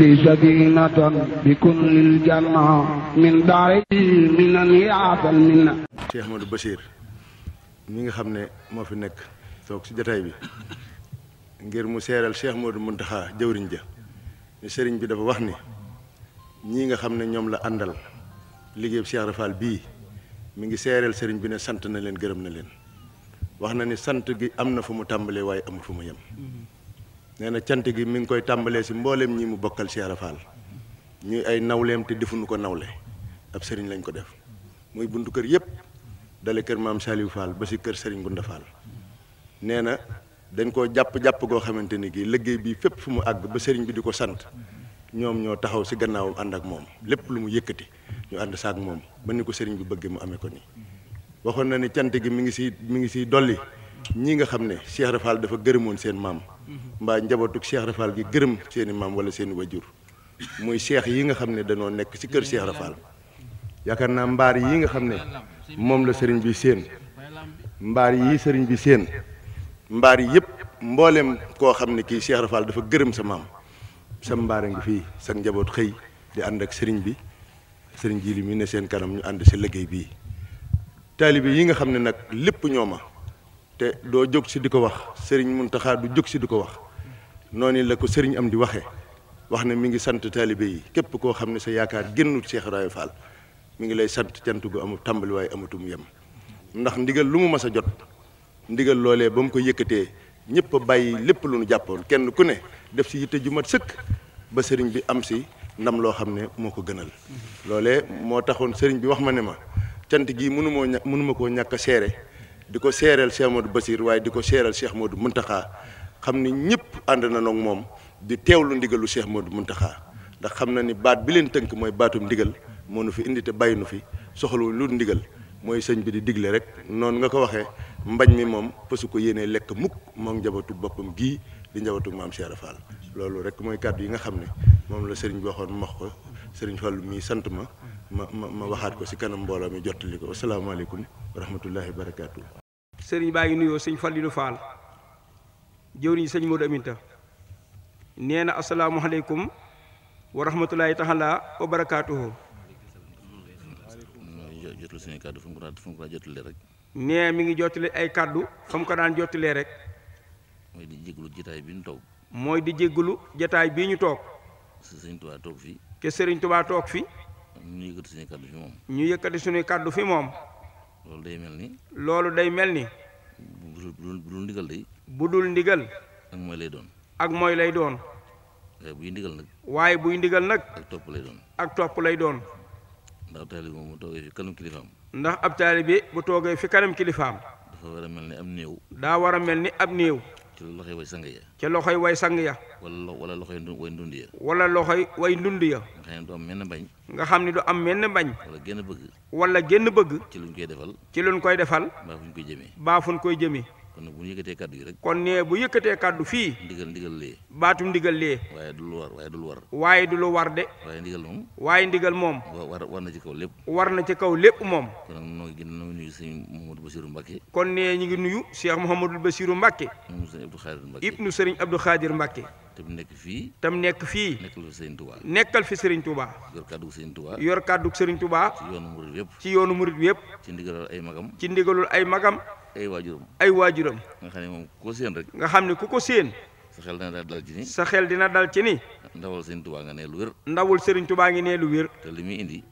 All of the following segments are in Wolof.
لي سكينة بكل الجمع من داري من يعفى المنة Cheikh Ahmadou Bachir mi nga xam ne moo fi nekk toog ci jataay bi ngir mu seeral Cheikh Modou Mountakha jëwriñ ja ne sëriñ bi dafa wax ni ñii nga xam ne ñoom la àndal liggéeyu Cheikh Rafal bii mu ngi seeral sëriñ bi ne sant na leen gërëm na leen wax na ni sant gi am na fu mu tàmbalee waaye amul fu mu yem nee na cant gi mi ngi koy tàmbalee si mbooleem ñii mu bokkal Cheikh Ibra ñuy ay nawleem te defuñu ko nawle ab sëriñ lañ ko def muy buntu kër yëpp dale kër maam Saliou Fall ba si kër sëriñ Gunda Fall nee na dañ koo jàpp-jàpp goo xamante ni gii liggéey bi fépp fu mu àgg ba bi di ko sant ñoom ñoo taxaw si gannaawam ànd ak moom lépp lu mu yëkkati ñu ànd saak moom ba ni ko sëriñ bi bëggee mu amee ko nii waxoon na ni cant gi mi ngi si mi ngi siy dolli ñii nga xam ne Cheikh dafa gërëmoon seen maam mbaa njabootug Cheikh Rafal gi gërëm seeni i maam wala seeni i wajur muy cheikh yi nga xam ne danoo nekk si kër Cheikh Rafal yaakaar naa mbaar yi nga xam ne moom la sëriñ bi seen mbaar yi sëriñ bi seen mbaar yi yëpp mboolem koo xam ne kii Cheikh dafa gërëm sa maam sa mbaar a ngi fii sa njaboot xëy di ànd ak sëriñ bi sëriñ ji li ne seen kanam ñu ànd ci liggéey bii taalibe yi nga xam ne nag lépp ñoo ma te doo jóg si di ko wax sëriñ mun Muntaxa du jóg si di ko wax noonu la ko sëriñ am di waxee wax ne mi ngi sant taalibe yi képp koo xam ne sa yaakaar génnut Cheikh Ibrahima Fall mi ngi lay sant cant gu amul tàmbali waaye amatum yem ndax ndigal lu mu mas a jot ndigal loolee ba mu ko yëkkatee ñëpp a bàyyi lépp lu nu jàppoon kenn ku ne def si yitte ju mat sëkk ba sëriñ bi am si ndam loo xam ne moo ko gënal loolee moo taxoon sëriñ bi wax ma ne ma cant gi mënu moo mënuma koo ñàkk a di ko seereel Cheikh Modou Basir waaye di ko seereel Cheikh Modou Muntaxa xam ni ñëpp ànd na noog moom di teewlu ndigalu Cheikh Modou Muntaxa ndax xam na ni baat bi leen tënk mooy baatum ndigal moo nu fi indi te bàyyi nu fi soxlu lu ndigal mooy sëñ bi di digle rek noonu nga ko waxee mbañ mi moom fasu ko yéenee lekk mukk moom njabootu boppam gii di njabootu maam Cheikh Fall loolu rek mooy kàddu yi nga xam ne moom la sëriñ bi waxoon max ko sëriñ Fallu mii sant ma ma ma waxaat ko si kanam mbooloo mi jottali ko asalaamaaleykum wa rahmatullahi wa barakaatu. sëriñ baa ngi nuyoo sëñ Fallilu Faal jëwriñ sëñ Modou Aminta nee na asalaamualeykum wa rahmatulahi taala wa rek nee mi ngi jottali ay kàddu fa ko daan jottalee rek. mooy di jégalu jataay bi ñu toog. mooy di jégalu jataay bii ñu toog. sëriñ Tuubaa toog fii ke sëriñ Tuubaa toog fi. ñu yëkkati suñu kàddu fi moom. ñu yëkkati suñu kàddu fi moom. loolu day mel ni. loolu day mel ni. bu dul ndigal day bu dul ndigal ak mooy lay doon ak mooy lay doon waaye buy ndigal nag waaye buy ndigal nag ak topp lay doon ak topp lay doon ndax ab taalibe moom mu toogee fi kanam kilifaam ndax ab taalibe bu toogee fi kanam kilifaam dafa war a mel ni am néew daa war a mel ni ab néew ci loxoy way sang ya ci loxoy way sang ya wala wala loxoy way ndund ya wala loxoy way ndund ya nga xam ne du am menn bañ nga xam ni du am menn bañ wala génn bëgg wala génn bëgg ci luñ koy defal ci luñ koy defal baa fuñ koy jëmee baa fuñ koy jëmee kon nag bu ñu yëkkatee kàddu yi rek. kon ne bu yëkkatee kàddu fii. ndigal ndigal lee. baatum ndigal lee. waaye du lu war waaye du lu war. waaye du lu war de. waaye ndigal moom. waaye ndigal moom. war war na ci kaw lépp. war na ci kaw lépp moom. kon nag ñoo ngi nuyu sëñ Mouhamadou Bassirou Mbacké. kon ne ñu ngi nuyu Cheikh Mouhamadou Bassirou Mbacké. ibnu sëriñ Abdou Khadir Mbacké. ibnu sëriñ Abdou Khadir Mbacké. tam nekk fii. tam nekk fii. nekkal fi Serigne Touba. nekkal fi Serigne Touba. yor kàddu Serigne Touba. yor kàddu Serigne Touba. ci yoonu murid yëpp. ci yoonu murid yëpp. ci ndigalul ay magam. ci ndigalul ay magam. ay waajuram ay waajuram nga xam ne moom ku séen rek nga xam ne ku ko séen sa xel dina dal ci ni sa xel dina dal ci ni ndawal sëriñ tubaa nga nee lu wér ndawul sëriñ tubaa ngi nee lu wér te li indi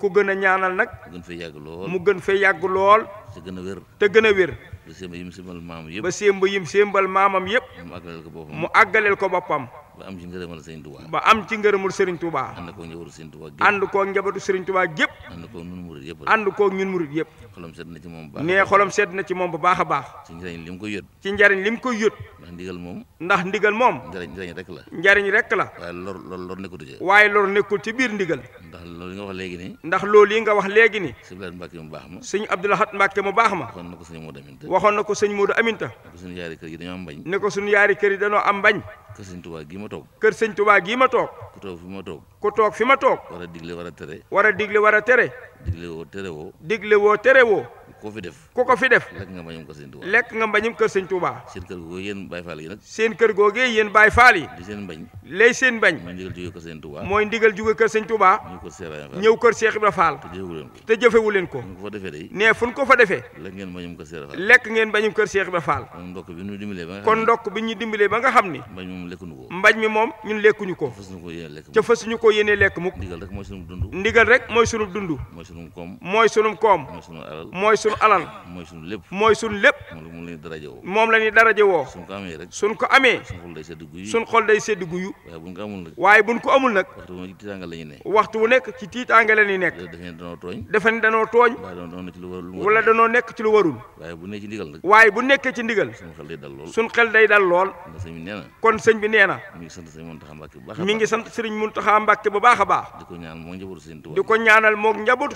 ko gën a ñaanal nag. mu gën fee yàgg lool mu gën fee yàgg lool. te gën a wér te gën a wér. ba sémb yim sémbal maamam yëpp ba sémb yim sémbal maamam yëpp. mu àggaleel ko boppam mu àggaleel ko boppam. ba am ci ngërëmal Serigne Touba. ba am ci ngërëmul Serigne Touba. ànd ko njabootu Serigne Touba gépp. ànd koog njabootu Serigne Touba gépp. ànd koog ñun murit yëpp ànd koog yëpp xolam sedd na ci moom bu baax nee xolam sedd na ci moom bu baax a baax ci njariñ li mu koy yót ci njariñ li mu koy yót ndax ndigal moom ndax ndigal moom njariñ njariñ rek la njariñ rek la waaye lor lor lor nekkul ci waaye lor nekkul ci biir ndigal ndax loolu yi nga wax léegi ni ndax loolu yi nga wax léegi ni sëñ Abdoulahat Mbàkke mu baax ma sëñ Abdoulahat Mbàkke mu baax ma waxoon na ko sëñ Moodu Aminta waxoon na ko sëñ Moodu Aminta ne ko suñu yaari kër yi dañoo am bañ ne ko suñu yaari kër yi dañoo am bañ kër sëñ Tuubaa toog kër sëñ Tuubaa gii ma toog ku toog ma toog ku toog fi ma toog. war a digle war a tere. war a digle war a tere. digle woo tere woo. digle woo tere woo. koo fi def ku ko fi def lekk nga mbañum kër sëñ Touba lekk te jëfewu leen ko ne fu ñu ko fa defee lekk ngeen mbañum kër Cheikh Ibra Fall lekk ngeen mbañum kër Cheikh Ibra Fall kon ndokk bi ñu dimbalee ba nga kon ndokk ba nga xam ni mbañ moom lekkuñu ko mbañ mi moom ñun lekkuñu ko ca fas ñu ko yéenee lekk mukk ndigal rek mooy sunu dund mooy sunu koom mooy sunu koom mooy sunu alal sunu alal. mooy sunu lépp mooy sunu lépp. moom la ñuy daraje woo. moom la ñuy daraje woo. suñ ko amee rek. suñ ko amee. suñ xol day sedd guyu. suñ xol day sedd guyu. waaye buñ ko amul nag. waaye buñ ko amul nag. waxtu wu nekk ci tiitaange la nekk. waxtu wu nekk ci tiitaange la nekk. dafa danoo nekk ci lu warul. waaye bu nekk ci ndigal waaye bu nekkee ci ndigal. suñ xel day dal lool. suñ xel day dal lool. kon sëñ bi nee na. ngi sant sëñ Muntaxa Mbàkke a Mbàkke bu baax a baax. di ko ñaanal moog njabootu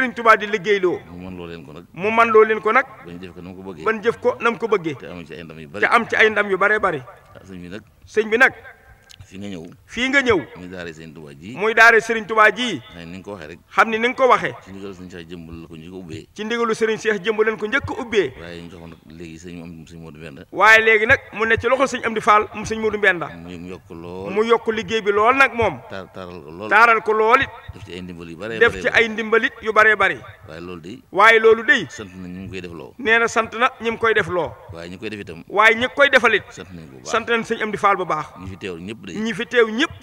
li Serigne Touba di liggéeyloo. mu man loo leen ko nag. mu ko nag. ko na mu am ci ay ndam yu bare. bare bare. bi nag. sëñ bi nag. fi nga fii nga ñëw muy daare Serigne Touba ji muy daare Serigne Touba ji xam ni nga ko waxee rek xam ni ni ko waxee ci ndigalu Serigne Cheikh jëmbal la ko njëkk a ko njëkk a ubbee waaye ñu joxoon nag léegi sëñ am sëñ Modou Mbenda waaye léegi nag mu ne ci loxol sëñ Amdi Fall mu sëñ Modou Mbenda mu yokk lool mu yokk liggéey bi lool nag moom taaral ko lool ko lool it def ci ay ndimbal yu bare ay ndimbalit yu bare bari waaye loolu day waaye loolu day sant na ñu koy def loo nee sant na ñi koy def loo waaye ñi koy def itam waaye ñi koy defalit sant nañ ko sant nañ sëñ Amdi Fall ñu fi teew ñi fi teew ñëpp.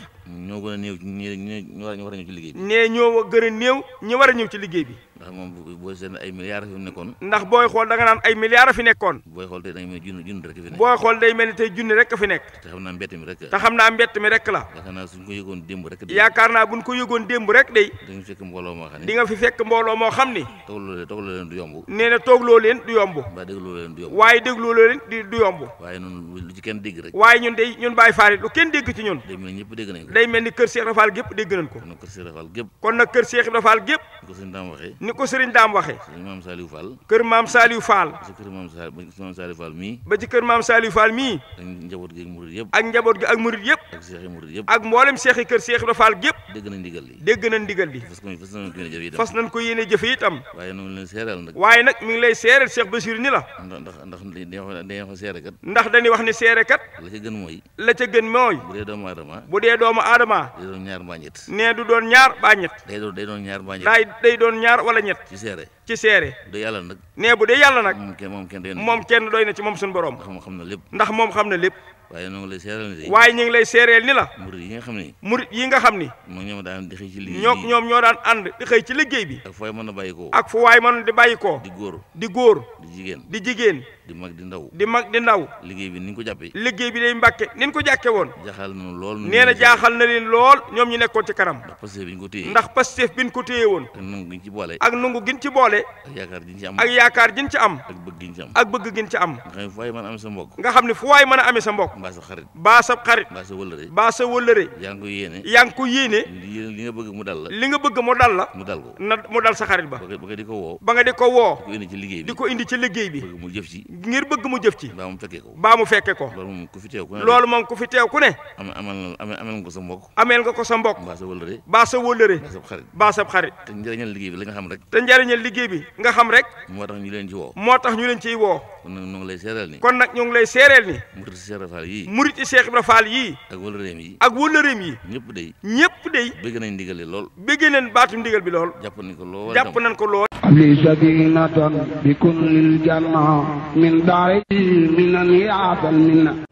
ñoo gën a néew ñi war a ñëw ci liggéey bi. nee ñoo gën a néew ñi war a ñëw ci liggéey bi. ndax moom boo seetlee ay milliards fi nekkoon. ndax booy xool da nga naan ay milliards fi nekkoon. booy xool tey da nga mel junni junni day mel ni tey junni rek fi nekk. te xam naa mbett mi rek. te xam naa mbett mi rek la. yaakaar naa suñ ko yëgoon démb rek. yaakaar naa buñ ko yëgoon démb rek day. di nga fi fekk mbooloo moo xam ne. di nga fi fekk mbooloo moo xam ne. toogloo leen toogloo leen du yomb. nee na toogloo leen du yomb. waaye dégloo leen du yomb. waaye dégloo leen du yomb. waaye ñun lu ci kenn dégg rek. waaye ñun day ñun Baye Fall lu kenn dégg ci ñun. day me ni ñëpp dégg nañ ko. day mel ni kër Cheikh Ibra Fall gépp dégg nañ ko. kon nag kër ni ko sëriñ daam waxe kër maam Saliou Fall. kër maam Saliou Fall. ba ci kër maam Saliou Fall mii. ba ci kër maam Saliou Fall mii. ak njaboot gi ak murid yëpp. ak njaboot gi ak murid yëpp. ak seexi murid yëpp. ak mboolem seexi kër Seex Ibra Fall gépp. dégg nañ ndigal li dégg nañ ndigal li. fas nañ ko yéene jëfe itam. waaye noonu leen seeral nag. waaye nag mi ngi lay seeral Seex Basiru ni la. ndax ndax ndax dañuy wax seere kat. ndax dañuy wax ne seere kat. la ca gën mooy. la ca gën mooy. bu dee doomu aadama. bu dee doomu aadama. day doon ñaar baa ñett. nee du doon ñaar baa ñett. day doon ñaar baa ñett. day doon ñaar wala wala ñett ci seere ci seere de yàlla nag nee bu dee yàlla nag moom kenn doy na ci moom kenn borom ndax moom xam na lépp ndax moom xam na lépp waaye ñu ngi lay seeral waaye ñu ngi lay seereel ni la murit yi nga xam ni murit yi nga xam ni moom ñoom daan di xëy ci liggéey ñoom ñoom ñoo daan ànd di bi ak fooy mën a bàyyi koo ak fu waay mën di bàyyi koo di góor di góor di jigéen di jigéen di mag di ndaw di mag di ndaw liggéey bi ni ñu ko jàppee liggéey bi day mbàkke ni ñu ko jàkke woon jaaxal na lool nee na na leen lool ñoom ñu nekkoon ci kanam ndax pastef bi ñu ko téye ndax pastef bi ñu ko téye woon ci boole ak nungu gin ci boole ak yaakaar gin ci am ci am ak bëgg gin ci am ak bëgg gin ci am nga xam ne a amee sa mbokk nga xam ne fu waay mën a amee sa mbokk mbaa sa xarit mbaa sa xarit mbaa sa wëllëre mbaa sa ba ba nga di ko woo ba nga di ko woo di ko indi ci liggéey bi di ko indi ci liggéey bi mu jëf ci ngir bëgg te njëriñal liggéey bi la nga xam rek te njëriñal liggéey bi nga xam rek moo tax ñu leen ci woo kon nag ñu ngi lay seeral ni kon nag ñu ngi lay seeral ni murit i Ibra Fall yii murit Cheikh Ibra Fall yii ak wëlëreem yi ak wëlëreem yi ñëpp day ñëpp day bëgg nañ ndigal li lool bëgg nañ baatum ndigal bi lool jàpp min daari minan yaatan minna